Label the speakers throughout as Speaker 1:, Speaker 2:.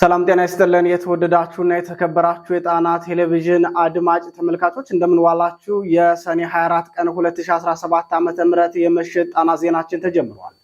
Speaker 1: ሰላም ጤና ይስጥልን። የተወደዳችሁና የተከበራችሁ የጣና ቴሌቪዥን አድማጭ ተመልካቾች እንደምንዋላችሁ። የሰኔ 24 ቀን 2017 ዓ ም የምሽት ጣና ዜናችን ተጀምሯል።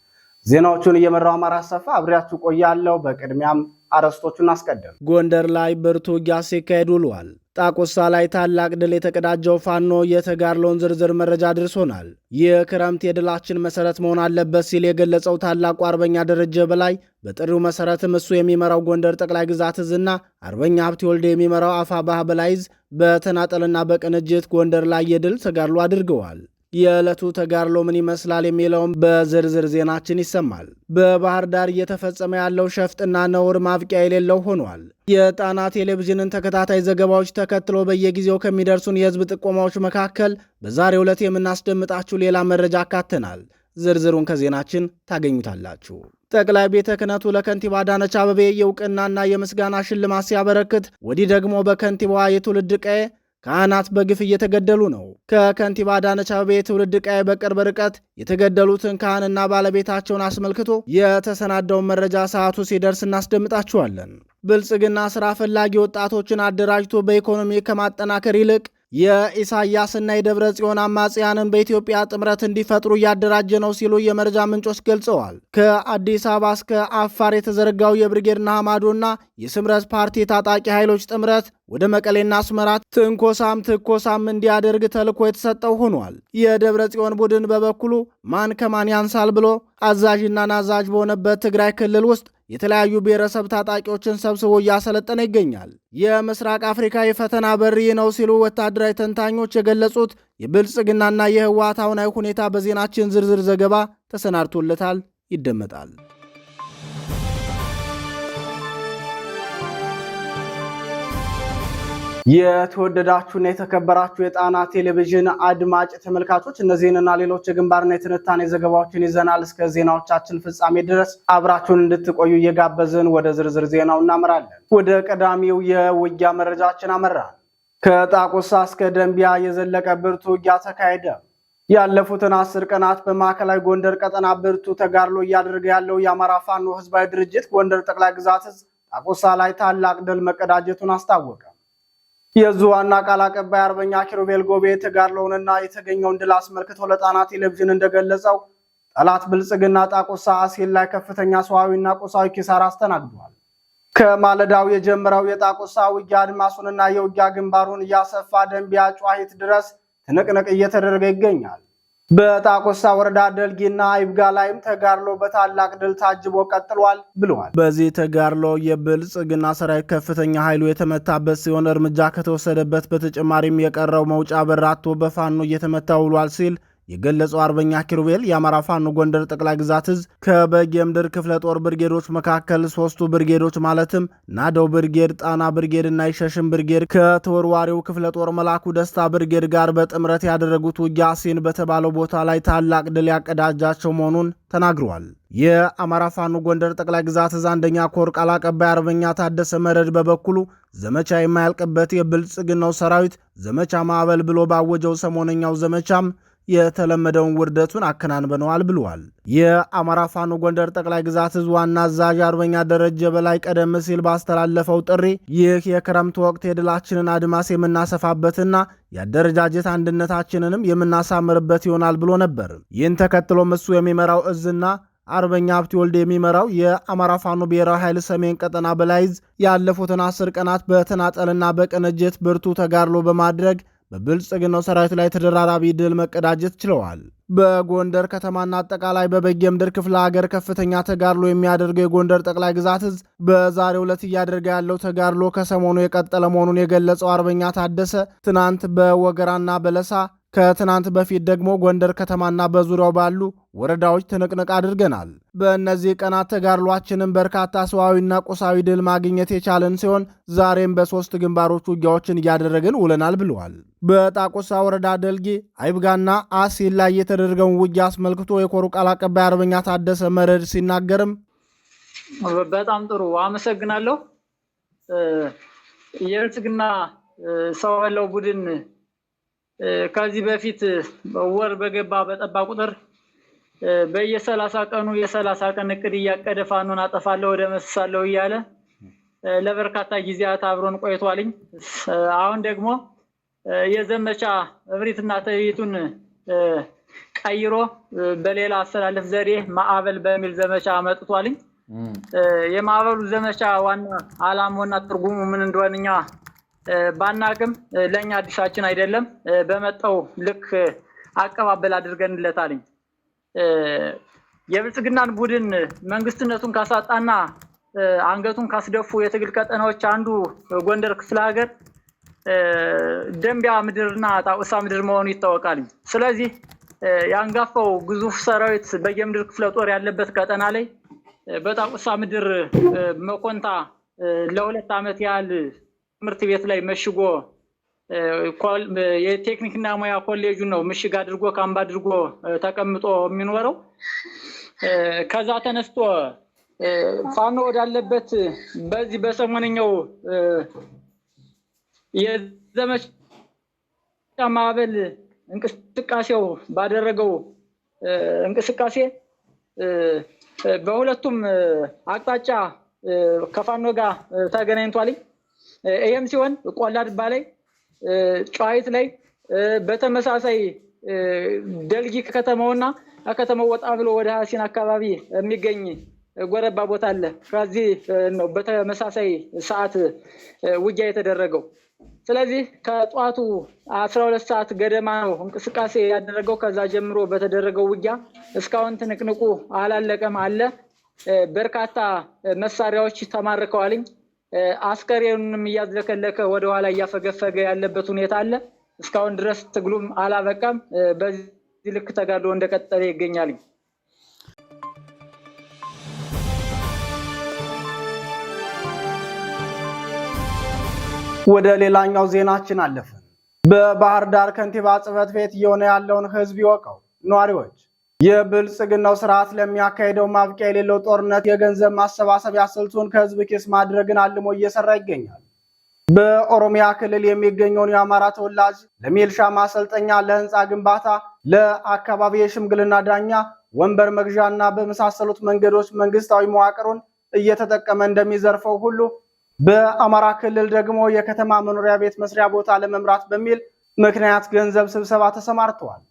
Speaker 1: ዜናዎቹን እየመራው አማራ ሰፋ አብሬያችሁ ቆያለሁ። በቅድሚያም አርዕስቶቹን አስቀድም።
Speaker 2: ጎንደር ላይ ብርቱ ውጊያ ሲካሄድ ውሏል። ጣቁሳ ላይ ታላቅ ድል የተቀዳጀው ፋኖ የተጋድሎውን ዝርዝር መረጃ አድርሶናል። ይህ ክረምት የድላችን መሰረት መሆን አለበት ሲል የገለጸው ታላቁ አርበኛ ደረጀ በላይ በጥሪው መሰረትም እሱ የሚመራው ጎንደር ጠቅላይ ግዛት እዝና አርበኛ ሀብቴ ወልደ የሚመራው አፋ ባህ በላይዝ በተናጠልና በቅንጅት ጎንደር ላይ የድል ተጋድሎ አድርገዋል። የዕለቱ ተጋድሎ ምን ይመስላል የሚለውም በዝርዝር ዜናችን ይሰማል። በባህር ዳር እየተፈጸመ ያለው ሸፍጥና ነውር ማብቂያ የሌለው ሆኗል። የጣና ቴሌቪዥንን ተከታታይ ዘገባዎች ተከትሎ በየጊዜው ከሚደርሱን የህዝብ ጥቆማዎች መካከል በዛሬ ዕለት የምናስደምጣችሁ ሌላ መረጃ አካተናል። ዝርዝሩን ከዜናችን ታገኙታላችሁ። ጠቅላይ ቤተ ክህነቱ ለከንቲባ አዳነች አበቤ የእውቅናና የምስጋና ሽልማት ሲያበረክት፣ ወዲህ ደግሞ በከንቲባዋ የትውልድ ቀዬ ካህናት በግፍ እየተገደሉ ነው። ከከንቲባ አዳነች አቤቤ የትውልድ ቀዬ በቅርብ ርቀት የተገደሉትን ካህንና ባለቤታቸውን አስመልክቶ የተሰናዳውን መረጃ ሰዓቱ ሲደርስ እናስደምጣችኋለን። ብልጽግና ስራ ፈላጊ ወጣቶችን አደራጅቶ በኢኮኖሚ ከማጠናከር ይልቅ የኢሳያስና የደብረ ጽዮን አማጽያንን በኢትዮጵያ ጥምረት እንዲፈጥሩ እያደራጀ ነው ሲሉ የመረጃ ምንጮች ገልጸዋል። ከአዲስ አበባ እስከ አፋር የተዘረጋው የብርጌድ ንሓመዶና የስምረት ፓርቲ ታጣቂ ኃይሎች ጥምረት ወደ መቀሌና አስመራ ትንኮሳም ትኮሳም እንዲያደርግ ተልኮ የተሰጠው ሆኗል። የደብረ ጽዮን ቡድን በበኩሉ ማን ከማን ያንሳል ብሎ አዛዥና ናዛዥ በሆነበት ትግራይ ክልል ውስጥ የተለያዩ ብሔረሰብ ታጣቂዎችን ሰብስቦ እያሰለጠነ ይገኛል። የምስራቅ አፍሪካ የፈተና በር ነው ሲሉ ወታደራዊ ተንታኞች የገለጹት የብልጽግናና የህወሓት አሁናዊ ሁኔታ በዜናችን ዝርዝር ዘገባ ተሰናድቶለታል። ይደመጣል።
Speaker 1: የተወደዳችሁና የተከበራችሁ የጣና ቴሌቪዥን አድማጭ ተመልካቾች እነዚህንና ሌሎች የግንባርና የትንታኔ ዘገባዎችን ይዘናል። እስከ ዜናዎቻችን ፍጻሜ ድረስ አብራችሁን እንድትቆዩ እየጋበዝን ወደ ዝርዝር ዜናው እናመራለን። ወደ ቀዳሚው የውጊያ መረጃችን አመራን። ከጣቁሳ እስከ ደንቢያ የዘለቀ ብርቱ ውጊያ ተካሄደ። ያለፉትን አስር ቀናት በማዕከላዊ ጎንደር ቀጠና ብርቱ ተጋድሎ እያደረገ ያለው የአማራ ፋኖ ህዝባዊ ድርጅት ጎንደር ጠቅላይ ግዛት ጣቁሳ ላይ ታላቅ ድል መቀዳጀቱን አስታወቀ። የዙ ዋና ቃል አቀባይ አርበኛ ኪሩቤል ጎቤ ተጋድሎውንና የተገኘውን ድል አስመልክቶ ለጣና ቴሌቪዥን እንደገለጸው ጠላት ብልጽግና ጣቁሳ አሴል ላይ ከፍተኛ ሰዋዊና ቁሳዊ ኪሳራ አስተናግዷል። ከማለዳው የጀመረው የጣቁሳ ውጊያ አድማሱንና የውጊያ ግንባሩን እያሰፋ ደንቢያ ጨዋሂት ድረስ ትንቅንቅ እየተደረገ ይገኛል። በጣቆሳ ወረዳ ደልጊና አይብጋ ላይም ተጋድሎ በታላቅ ድል ታጅቦ ቀጥሏል ብለዋል።
Speaker 2: በዚህ ተጋድሎ የብልጽግና ሰራዊት ከፍተኛ ኃይሉ የተመታበት ሲሆን እርምጃ ከተወሰደበት በተጨማሪም የቀረው መውጫ በራቶ በፋኖ እየተመታ ውሏል ሲል የገለጸው አርበኛ ኪሩቤል የአማራ ፋኖ ጎንደር ጠቅላይ ግዛት እዝ ከበጌምድር ክፍለ ጦር ብርጌዶች መካከል ሶስቱ ብርጌዶች ማለትም ናደው ብርጌድ፣ ጣና ብርጌድ እና ይሸሽም ብርጌድ ከተወርዋሪው ክፍለ ጦር መላኩ ደስታ ብርጌድ ጋር በጥምረት ያደረጉት ውጊያ ሲን በተባለው ቦታ ላይ ታላቅ ድል ያቀዳጃቸው መሆኑን ተናግረዋል። የአማራ ፋኖ ጎንደር ጠቅላይ ግዛት እዝ አንደኛ ኮር ቃል አቀባይ አርበኛ ታደሰ መረድ በበኩሉ ዘመቻ የማያልቅበት የብልጽግናው ሰራዊት ዘመቻ ማዕበል ብሎ ባወጀው ሰሞነኛው ዘመቻም የተለመደውን ውርደቱን አከናንበነዋል ብለዋል። የአማራ ፋኖ ጎንደር ጠቅላይ ግዛት ህዝብ ዋና አዛዥ አርበኛ ደረጀ በላይ ቀደም ሲል ባስተላለፈው ጥሪ ይህ የክረምት ወቅት የድላችንን አድማስ የምናሰፋበትና የአደረጃጀት አንድነታችንንም የምናሳምርበት ይሆናል ብሎ ነበር። ይህን ተከትሎም እሱ የሚመራው እዝና አርበኛ ሀብቴ ወልድ የሚመራው የአማራ ፋኖ ብሔራዊ ኃይል ሰሜን ቀጠና በላይዝ ያለፉትን አስር ቀናት በተናጠልና በቅንጅት ብርቱ ተጋድሎ በማድረግ በብልጽግናው ሰራዊት ላይ ተደራራቢ ድል መቀዳጀት ችለዋል። በጎንደር ከተማና አጠቃላይ በበጌምድር ክፍለ ሀገር ከፍተኛ ተጋድሎ የሚያደርገው የጎንደር ጠቅላይ ግዛት እዝ በዛሬው ዕለት እያደረገ ያለው ተጋድሎ ከሰሞኑ የቀጠለ መሆኑን የገለጸው አርበኛ ታደሰ ትናንት በወገራና በለሳ ከትናንት በፊት ደግሞ ጎንደር ከተማና በዙሪያው ባሉ ወረዳዎች ትንቅንቅ አድርገናል። በእነዚህ ቀናት ተጋድሏችንም በርካታ ሰዋዊና ቁሳዊ ድል ማግኘት የቻለን ሲሆን ዛሬም በሶስት ግንባሮች ውጊያዎችን እያደረግን ውለናል ብለዋል። በጣቁሳ ወረዳ ደልጊ፣ አይብጋና አሲል ላይ የተደረገውን ውጊያ አስመልክቶ የኮሩ ቃል አቀባይ አርበኛ ታደሰ መረድ ሲናገርም
Speaker 3: በጣም ጥሩ አመሰግናለሁ። የብልጽግና ሰው ያለው ቡድን ከዚህ በፊት ወር በገባ በጠባ ቁጥር በየሰላሳ ቀኑ የሰላሳ ቀን እቅድ እያቀደ ፋኖን አጠፋለሁ ወደ መስሳለሁ እያለ ለበርካታ ጊዜያት አብሮን ቆይቷልኝ። አሁን ደግሞ የዘመቻ እብሪትና ትዕይቱን ቀይሮ በሌላ አስተላለፍ ዘዴ ማዕበል በሚል ዘመቻ መጥቷልኝ። የማዕበሉ ዘመቻ ዋና ዓላማውና ትርጉሙ ምን እንደሆነ እኛ ባናቅም ለእኛ አዲሳችን አይደለም። በመጣው ልክ አቀባበል አድርገንለታልኝ። የብልጽግናን ቡድን መንግስትነቱን ካሳጣና አንገቱን ካስደፉ የትግል ቀጠናዎች አንዱ ጎንደር ክፍለ ሀገር ደንቢያ ምድርና ጣቁሳ ምድር መሆኑ ይታወቃል። ስለዚህ የአንጋፋው ግዙፍ ሰራዊት በየምድር ክፍለ ጦር ያለበት ቀጠና ላይ በጣቁሳ ምድር መኮንታ ለሁለት ዓመት ያህል ትምህርት ቤት ላይ መሽጎ የቴክኒክና ሙያ ኮሌጁ ነው ምሽግ አድርጎ ካምባ አድርጎ ተቀምጦ የሚኖረው። ከዛ ተነስቶ ፋኖ ወዳለበት በዚህ በሰሞነኛው የዘመቻ ማዕበል እንቅስቃሴው ባደረገው እንቅስቃሴ በሁለቱም አቅጣጫ ከፋኖ ጋር ተገናኝቷልኝ። ይህም ሲሆን ቆላ ድባ ላይ ጨዋይት ላይ በተመሳሳይ ደልጊ ከተማውና ከከተማው ወጣ ብሎ ወደ ሀሲን አካባቢ የሚገኝ ጎረባ ቦታ አለ። ከዚህ ነው በተመሳሳይ ሰዓት ውጊያ የተደረገው። ስለዚህ ከጠዋቱ አስራ ሁለት ሰዓት ገደማ ነው እንቅስቃሴ ያደረገው። ከዛ ጀምሮ በተደረገው ውጊያ እስካሁን ትንቅንቁ አላለቀም አለ። በርካታ መሳሪያዎች ተማርከዋልኝ። አስከሬኑንም እያዝለከለከ ወደኋላ እያፈገፈገ ያለበት ሁኔታ አለ። እስካሁን ድረስ ትግሉም አላበቃም። በዚህ ልክ ተጋድሎ እንደቀጠለ ይገኛል።
Speaker 1: ወደ ሌላኛው ዜናችን አለፍን። በባህር ዳር ከንቲባ ጽህፈት ቤት እየሆነ ያለውን ህዝብ ይወቀው ነዋሪዎች የብልጽግናው ስርዓት ለሚያካሄደው ማብቂያ የሌለው ጦርነት የገንዘብ ማሰባሰቢያ ስልቱን ከህዝብ ኪስ ማድረግን አልሞ እየሰራ ይገኛል። በኦሮሚያ ክልል የሚገኘውን የአማራ ተወላጅ ለሚልሻ ማሰልጠኛ፣ ለህንፃ ግንባታ፣ ለአካባቢ የሽምግልና ዳኛ ወንበር እና በመሳሰሉት መንገዶች መንግስታዊ መዋቅሩን እየተጠቀመ እንደሚዘርፈው ሁሉ በአማራ ክልል ደግሞ የከተማ መኖሪያ ቤት መስሪያ ቦታ ለመምራት በሚል ምክንያት ገንዘብ ስብሰባ ተሰማርተዋል።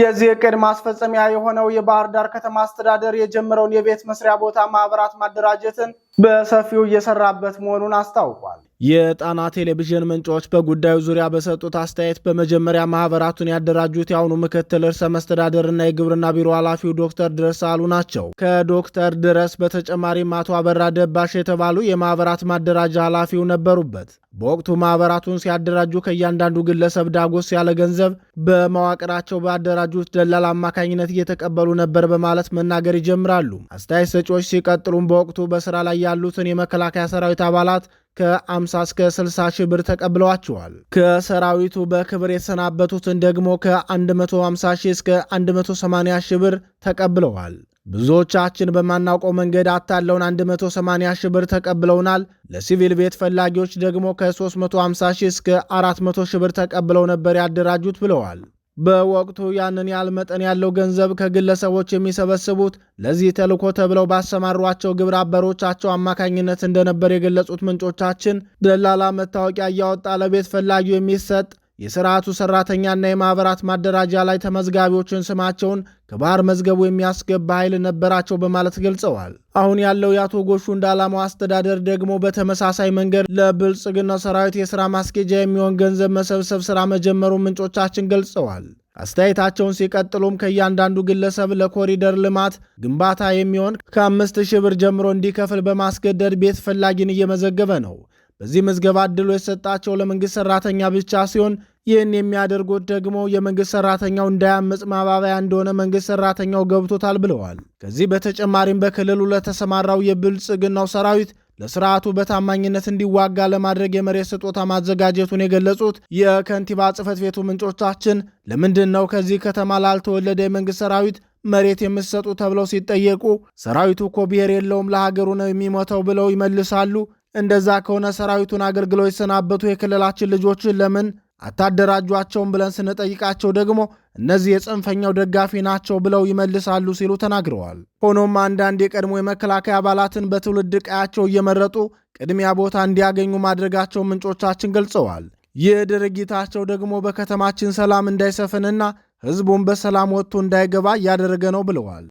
Speaker 1: የዚህ እቅድ ማስፈጸሚያ የሆነው የባህር ዳር ከተማ አስተዳደር የጀመረውን የቤት መስሪያ ቦታ ማህበራት ማደራጀትን በሰፊው እየሰራበት መሆኑን አስታውቋል። የጣና ቴሌቪዥን ምንጮች በጉዳዩ ዙሪያ በሰጡት አስተያየት በመጀመሪያ ማህበራቱን ያደራጁት የአሁኑ ምክትል ርዕሰ መስተዳደርና የግብርና ቢሮ ኃላፊው ዶክተር ድረስ አሉ ናቸው። ከዶክተር ድረስ በተጨማሪም አቶ አበራ ደባሽ የተባሉ የማህበራት ማደራጃ ኃላፊው ነበሩበት። በወቅቱ ማህበራቱን ሲያደራጁ ከእያንዳንዱ ግለሰብ ዳጎስ ያለ ገንዘብ በመዋቅራቸው በአደራጁት ደላል አማካኝነት እየተቀበሉ ነበር በማለት መናገር ይጀምራሉ። አስተያየት ሰጪዎች ሲቀጥሉም በወቅቱ በስራ ላይ ያሉትን የመከላከያ ሰራዊት አባላት ከ50 እስከ 60 ሺህ ብር ተቀብለዋቸዋል። ከሰራዊቱ በክብር የተሰናበቱትን ደግሞ ከ150 ሺህ እስከ 180 ሺህ ብር ተቀብለዋል። ብዙዎቻችን በማናውቀው መንገድ አታለውን 180 ሺህ ብር ተቀብለውናል። ለሲቪል ቤት ፈላጊዎች ደግሞ ከ350 ሺህ እስከ 400 ሺህ ብር ተቀብለው ነበር ያደራጁት ብለዋል። በወቅቱ ያንን ያህል መጠን ያለው ገንዘብ ከግለሰቦች የሚሰበስቡት ለዚህ ተልዕኮ ተብለው ባሰማሯቸው ግብረ አበሮቻቸው አማካኝነት እንደነበር የገለጹት ምንጮቻችን ደላላ መታወቂያ እያወጣ ለቤት ፈላጊው የሚሰጥ የስርዓቱ ሰራተኛና የማኅበራት ማደራጃ ላይ ተመዝጋቢዎችን ስማቸውን ከባህር መዝገቡ የሚያስገባ ኃይል ነበራቸው በማለት ገልጸዋል። አሁን ያለው የአቶ ጎሹ ዓላማው አስተዳደር ደግሞ በተመሳሳይ መንገድ ለብልጽግና ሰራዊት የሥራ ማስኬጃ የሚሆን ገንዘብ መሰብሰብ ሥራ መጀመሩ ምንጮቻችን ገልጸዋል። አስተያየታቸውን ሲቀጥሉም ከእያንዳንዱ ግለሰብ ለኮሪደር ልማት ግንባታ የሚሆን ከአምስት ሺህ ብር ጀምሮ እንዲከፍል በማስገደድ ቤት ፈላጊን እየመዘገበ ነው። በዚህ ምዝገባ እድሉ የተሰጣቸው ለመንግሥት ሠራተኛ ብቻ ሲሆን ይህን የሚያደርጉት ደግሞ የመንግሥት ሠራተኛው እንዳያመፅ ማባበያ እንደሆነ መንግሥት ሠራተኛው ገብቶታል ብለዋል። ከዚህ በተጨማሪም በክልሉ ለተሰማራው የብልጽግናው ሰራዊት ለስርዓቱ በታማኝነት እንዲዋጋ ለማድረግ የመሬት ስጦታ ማዘጋጀቱን የገለጹት የከንቲባ ጽህፈት ቤቱ ምንጮቻችን ለምንድን ነው ከዚህ ከተማ ላልተወለደ የመንግሥት ሰራዊት መሬት የምትሰጡ ተብለው ሲጠየቁ ሰራዊቱ እኮ ብሔር የለውም ለሀገሩ ነው የሚሞተው ብለው ይመልሳሉ እንደዛ ከሆነ ሰራዊቱን አገልግለው የተሰናበቱ የክልላችን ልጆች ለምን አታደራጇቸውም ብለን ስንጠይቃቸው ደግሞ እነዚህ የጽንፈኛው ደጋፊ ናቸው ብለው ይመልሳሉ ሲሉ ተናግረዋል። ሆኖም አንዳንድ የቀድሞ የመከላከያ አባላትን በትውልድ ቀያቸው እየመረጡ ቅድሚያ ቦታ እንዲያገኙ ማድረጋቸው ምንጮቻችን ገልጸዋል። ይህ ድርጊታቸው ደግሞ በከተማችን ሰላም እንዳይሰፍንና ሕዝቡን በሰላም ወጥቶ እንዳይገባ እያደረገ ነው ብለዋል።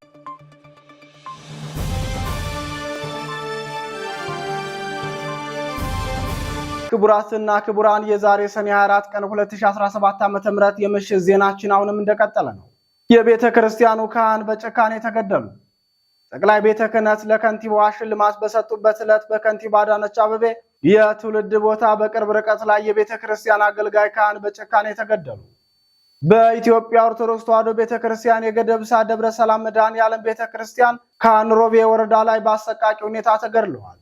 Speaker 1: ክቡራትና ክቡራን የዛሬ ሰኔ 24 ቀን 2017 ዓ.ም የምሽት ዜናችን አሁንም እንደቀጠለ ነው። የቤተ ክርስቲያኑ ካህን በጭካኔ ተገደሉ። ጠቅላይ ቤተ ክህነት ለከንቲባዋ ሽልማት በሰጡበት ዕለት በከንቲባ አዳነች አበቤ የትውልድ ቦታ በቅርብ ርቀት ላይ የቤተ ክርስቲያን አገልጋይ ካህን በጭካኔ ተገደሉ። በኢትዮጵያ ኦርቶዶክስ ተዋሕዶ ቤተ ክርስቲያን የገደብሳ ደብረ ሰላም መድኃኔዓለም ቤተ ክርስቲያን ካህን ሮቤ ወረዳ ላይ በአሰቃቂ ሁኔታ ተገድለዋል።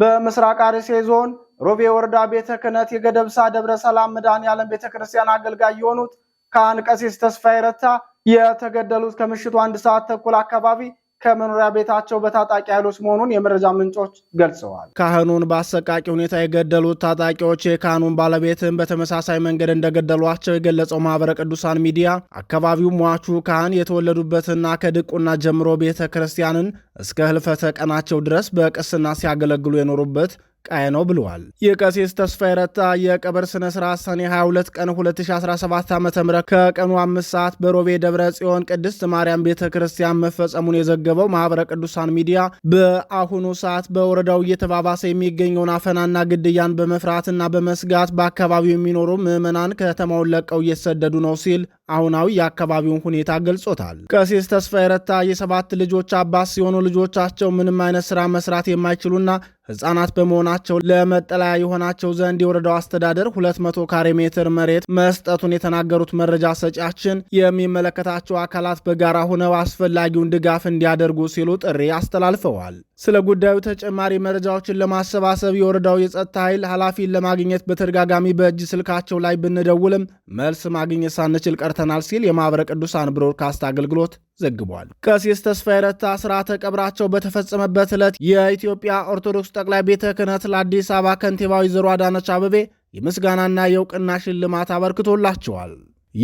Speaker 1: በምስራቅ አርሴ ዞን ሮቤ ወረዳ ቤተ ክህነት የገደብሳ ደብረ ሰላም መድኃኔዓለም ቤተክርስቲያን አገልጋይ የሆኑት ካህን ቀሲስ ተስፋዬ ረታ የተገደሉት ከምሽቱ አንድ ሰዓት ተኩል አካባቢ ከመኖሪያ ቤታቸው በታጣቂ ኃይሎች መሆኑን የመረጃ ምንጮች ገልጸዋል። ካህኑን በአሰቃቂ ሁኔታ የገደሉት ታጣቂዎች የካህኑን ባለቤትን በተመሳሳይ መንገድ እንደገደሏቸው የገለጸው ማህበረ ቅዱሳን ሚዲያ አካባቢው ሟቹ ካህን የተወለዱበትና ከድቁና ጀምሮ ቤተ ክርስቲያንን እስከ ህልፈተ ቀናቸው ድረስ በቅስና ሲያገለግሉ የኖሩበት ስቃይ ነው ብለዋል። የቀሲስ ተስፋዬ ረታ የቀብር ስነ ስርዓት ሰኔ 22 ቀን 2017 ዓ ም ከቀኑ አምስት ሰዓት በሮቤ ደብረ ጽዮን ቅድስት ማርያም ቤተ ክርስቲያን መፈጸሙን የዘገበው ማኅበረ ቅዱሳን ሚዲያ በአሁኑ ሰዓት በወረዳው እየተባባሰ የሚገኘውን አፈናና ግድያን በመፍራትና በመስጋት በአካባቢው የሚኖሩ ምዕመናን ከተማውን ለቀው እየተሰደዱ ነው ሲል አሁናዊ የአካባቢውን ሁኔታ ገልጾታል። ቀሲስ ተስፋ የረታ የሰባት ልጆች አባት ሲሆኑ ልጆቻቸው ምንም አይነት ስራ መስራት የማይችሉና ህጻናት በመሆናቸው ለመጠለያ የሆናቸው ዘንድ የወረዳው አስተዳደር 200 ካሬ ሜትር መሬት መስጠቱን የተናገሩት መረጃ ሰጫችን የሚመለከታቸው አካላት በጋራ ሆነው አስፈላጊውን ድጋፍ እንዲያደርጉ ሲሉ ጥሪ አስተላልፈዋል። ስለ ጉዳዩ ተጨማሪ መረጃዎችን ለማሰባሰብ የወረዳው የጸጥታ ኃይል ኃላፊን ለማግኘት በተደጋጋሚ በእጅ ስልካቸው ላይ ብንደውልም መልስ ማግኘት ሳንችል ቀርተ ተጠርተናል ሲል የማኅበረ ቅዱሳን ብሮድካስት አገልግሎት ዘግቧል። ቀሲስ ተስፋዬ ረታ ስርዓተ ቀብራቸው በተፈጸመበት ዕለት የኢትዮጵያ ኦርቶዶክስ ጠቅላይ ቤተ ክህነት ለአዲስ አበባ ከንቲባ ወይዘሮ አዳነች አበቤ የምስጋናና የእውቅና ሽልማት አበርክቶላቸዋል።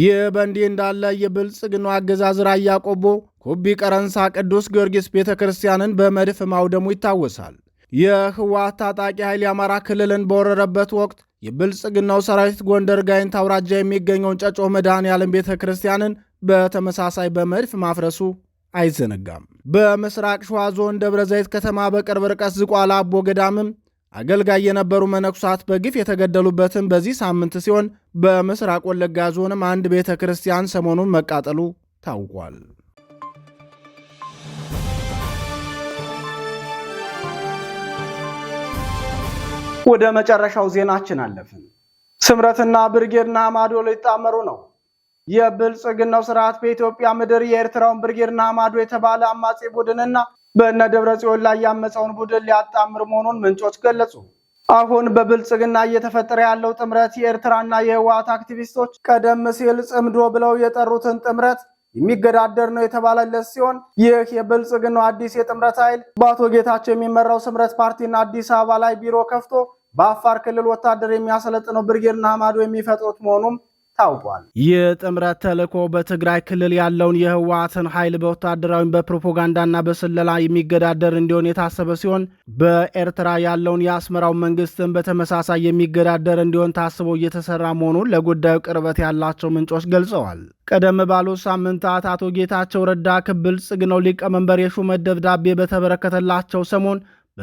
Speaker 1: ይህ በእንዲህ እንዳለ የብልጽግና አገዛዝ ራያ ቆቦ ቀረንሳ ቅዱስ ጊዮርጊስ ቤተ ክርስቲያንን በመድፍ ማውደሙ ይታወሳል። የህወሓት ታጣቂ ኃይል የአማራ ክልልን በወረረበት ወቅት የብልጽግናው ሰራዊት ጎንደር ጋይንት አውራጃ የሚገኘውን ጨጮ መድኃኔ ዓለም ቤተ ክርስቲያንን በተመሳሳይ በመድፍ ማፍረሱ አይዘነጋም። በምስራቅ ሸዋ ዞን ደብረ ዘይት ከተማ በቅርብ ርቀት ዝቋላ አቦ ገዳምም አገልጋይ የነበሩ መነኩሳት በግፍ የተገደሉበትም በዚህ ሳምንት ሲሆን በምስራቅ ወለጋ ዞንም አንድ ቤተ ክርስቲያን ሰሞኑን መቃጠሉ ታውቋል። ወደ መጨረሻው ዜናችን አለፍን። ስምረትና ብርጌድና ማዶ ሊጣመሩ ነው። የብልጽግናው ስርዓት በኢትዮጵያ ምድር የኤርትራውን ብርጌድና ማዶ የተባለ አማጼ ቡድንና በእነ ደብረ ጽዮን ላይ ያመፀውን ቡድን ሊያጣምር መሆኑን ምንጮች ገለጹ። አሁን በብልጽግና እየተፈጠረ ያለው ጥምረት የኤርትራና የህወሓት አክቲቪስቶች ቀደም ሲል ጽምዶ ብለው የጠሩትን ጥምረት የሚገዳደር ነው የተባለለት ሲሆን ይህ የብልጽግናው አዲስ የጥምረት ኃይል በአቶ ጌታቸው የሚመራው ስምረት ፓርቲና አዲስ አበባ ላይ ቢሮ ከፍቶ በአፋር ክልል ወታደር የሚያሰለጥነው ብርጌድና ማዶ የሚፈጥሩት መሆኑም ታውቋል። ይህ ጥምረት ተልዕኮ በትግራይ ክልል ያለውን የህወሓትን ኃይል በወታደራዊ በፕሮፓጋንዳና በስለላ የሚገዳደር እንዲሆን የታሰበ ሲሆን በኤርትራ ያለውን የአስመራው መንግስትን በተመሳሳይ የሚገዳደር እንዲሆን ታስቦ እየተሰራ መሆኑን ለጉዳዩ ቅርበት ያላቸው ምንጮች ገልጸዋል። ቀደም ባሉት ሳምንታት አቶ ጌታቸው ረዳ ጽግነው ሊቀመንበር የሹመት ደብዳቤ በተበረከተላቸው ሰሞን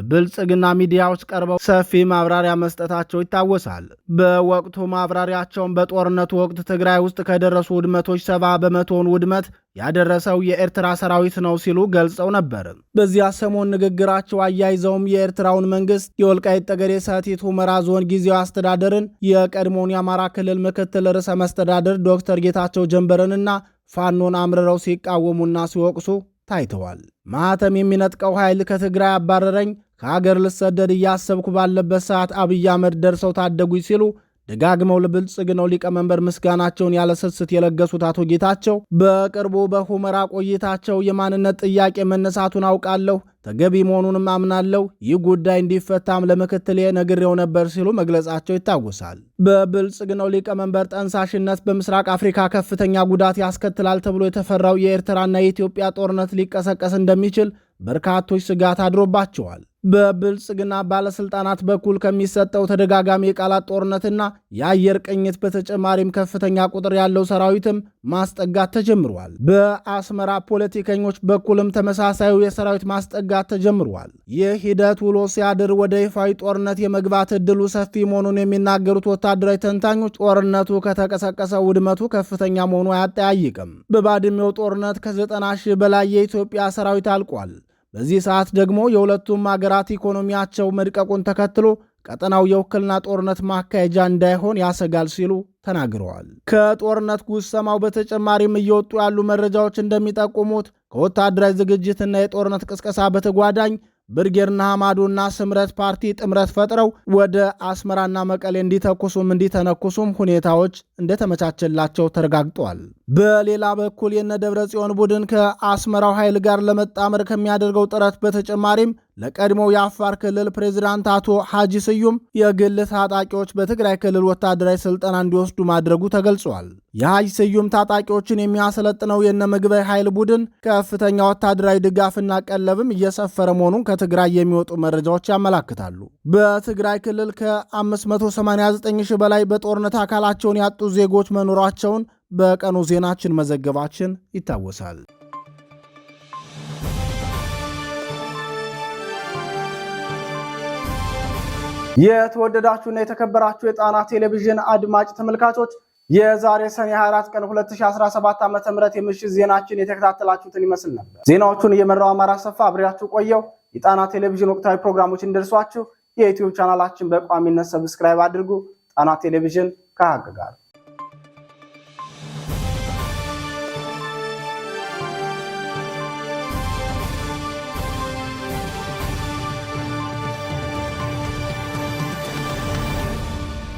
Speaker 1: በብልጽግና ሚዲያዎች ቀርበው ሰፊ ማብራሪያ መስጠታቸው ይታወሳል። በወቅቱ ማብራሪያቸውን በጦርነቱ ወቅት ትግራይ ውስጥ ከደረሱ ውድመቶች ሰባ በመቶውን ውድመት ያደረሰው የኤርትራ ሰራዊት ነው ሲሉ ገልጸው ነበር። በዚያ ሰሞን ንግግራቸው አያይዘውም የኤርትራውን መንግስት የወልቃይት ጠገዴ ሰቲት ሁመራ ዞን ጊዜያዊ አስተዳደርን የቀድሞውን የአማራ ክልል ምክትል ርዕሰ መስተዳደር ዶክተር ጌታቸው ጀንበረንና ፋኖን አምርረው ሲቃወሙና ሲወቅሱ ታይተዋል። ማኅተም የሚነጥቀው ኃይል ከትግራይ አባረረኝ፣ ከአገር ልሰደድ እያሰብኩ ባለበት ሰዓት አብይ አህመድ ደርሰው ታደጉኝ ሲሉ ደጋግመው ለብልጽግናው ሊቀመንበር ምስጋናቸውን ያለስስት የለገሱት አቶ ጌታቸው በቅርቡ በሁመራ ቆይታቸው የማንነት ጥያቄ መነሳቱን አውቃለሁ፣ ተገቢ መሆኑንም አምናለሁ። ይህ ጉዳይ እንዲፈታም ለምክትሌ ነግሬው ነበር ሲሉ መግለጻቸው ይታወሳል። በብልጽግናው ሊቀመንበር ጠንሳሽነት በምስራቅ አፍሪካ ከፍተኛ ጉዳት ያስከትላል ተብሎ የተፈራው የኤርትራና የኢትዮጵያ ጦርነት ሊቀሰቀስ እንደሚችል በርካቶች ስጋት አድሮባቸዋል። በብልጽግና ባለስልጣናት በኩል ከሚሰጠው ተደጋጋሚ የቃላት ጦርነትና የአየር ቅኝት በተጨማሪም ከፍተኛ ቁጥር ያለው ሰራዊትም ማስጠጋት ተጀምሯል። በአስመራ ፖለቲከኞች በኩልም ተመሳሳዩ የሰራዊት ማስጠጋት ተጀምሯል። ይህ ሂደት ውሎ ሲያድር ወደ ይፋዊ ጦርነት የመግባት እድሉ ሰፊ መሆኑን የሚናገሩት ወታደራዊ ተንታኞች ጦርነቱ ከተቀሰቀሰ ውድመቱ ከፍተኛ መሆኑ አያጠያይቅም። በባድሜው ጦርነት ከዘጠና ሺህ በላይ የኢትዮጵያ ሰራዊት አልቋል። በዚህ ሰዓት ደግሞ የሁለቱም አገራት ኢኮኖሚያቸው መድቀቁን ተከትሎ ቀጠናው የውክልና ጦርነት ማካሄጃ እንዳይሆን ያሰጋል ሲሉ ተናግረዋል። ከጦርነት ጉሰማው በተጨማሪም እየወጡ ያሉ መረጃዎች እንደሚጠቁሙት ከወታደራዊ ዝግጅትና የጦርነት ቅስቀሳ በተጓዳኝ ብርጌርና ሐማዱና ስምረት ፓርቲ ጥምረት ፈጥረው ወደ አስመራና መቀሌ እንዲተኩሱም እንዲተነኩሱም ሁኔታዎች እንደተመቻቸላቸው ተረጋግጧል። በሌላ በኩል የነ ደብረ ጽዮን ቡድን ከአስመራው ኃይል ጋር ለመጣመር ከሚያደርገው ጥረት በተጨማሪም ለቀድሞው የአፋር ክልል ፕሬዚዳንት አቶ ሐጂ ስዩም የግል ታጣቂዎች በትግራይ ክልል ወታደራዊ ስልጠና እንዲወስዱ ማድረጉ ተገልጿል። የሐጂ ስዩም ታጣቂዎችን የሚያሰለጥነው የነ ምግበይ ኃይል ቡድን ከፍተኛ ወታደራዊ ድጋፍና ቀለብም እየሰፈረ መሆኑን ከትግራይ የሚወጡ መረጃዎች ያመላክታሉ። በትግራይ ክልል ከ589 ሺህ በላይ በጦርነት አካላቸውን ያጡ ዜጎች መኖራቸውን በቀኑ ዜናችን መዘገባችን ይታወሳል። የተወደዳችሁና የተከበራችሁ የጣና ቴሌቪዥን አድማጭ ተመልካቾች የዛሬ ሰኔ 24 ቀን 2017 ዓ.ም የምሽት ዜናችን የተከታተላችሁትን ይመስል ነበር። ዜናዎቹን እየመራው አማራ ሰፋ አብሬያችሁ ቆየው። የጣና ቴሌቪዥን ወቅታዊ ፕሮግራሞች እንደርሷችሁ የዩትዩብ ቻናላችን በቋሚነት ሰብስክራይብ አድርጉ። ጣና ቴሌቪዥን ከሀቅ ጋር